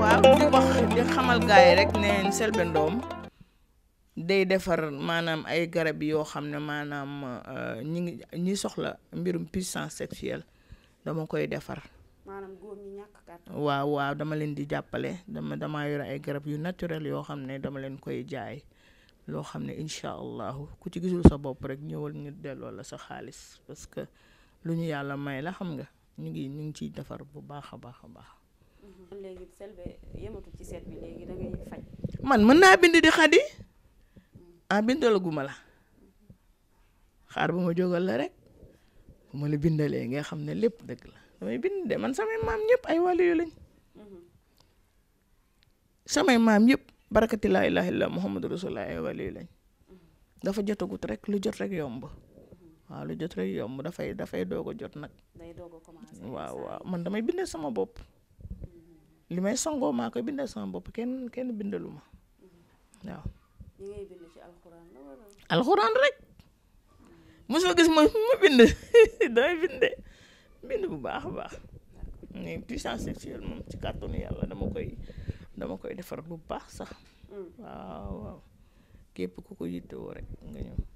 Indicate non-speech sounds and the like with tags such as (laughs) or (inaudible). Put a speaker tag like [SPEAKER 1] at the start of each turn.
[SPEAKER 1] waaw di wax di xamal gars rek ne Selbé Ndom day defar maanaam ay garab yoo xam ne maanaam euh, ñi ngi ñi soxla mbirum puissance sexuelle dama koy defar. waaw waaw dama leen di jàppale dama dama yore ay garab yu naturel yoo xam ne dama leen koy jaay. loo xam ne incha allahu ku ci gisul sa bopp rek ñëwal ñu delloo la sa xaalis parce que lu ñu yàlla may la xam nga ñu ngi ñu ngi ciy defar bu baax a baax a baax. léegi selbe yematu ci seet bi léegi da ngay faj. man mën naa bind di xadi ah bindalaguma la xaar ba ma jógal la rek bu ma la bindalee nga xam ne lépp dëgg la damay bind de man samay maam ñëpp ay wàllu yu lañ. Mhm. samay maam yëpp. barakati laa ilaaha muhammadu rasulullah ay wali lañ dafa jotagut rek lu jot rek yomb waaw lu jot rek yomb dafay dafay doog a jot nag waaw waaw man damay bindee sama bopp li may songoo maa koy bindee sama bopp kenn kenn bindalu ma waaw alxuraan rek mos fa gis mooy ma bind (laughs) damay binde bind bu baax a baax ni puissance sexuelle moom ci kàttanu yàlla dama koy dama koy defar bu baax sax mm. waaw waaw képp ku ko yittewoo rek nga ñëw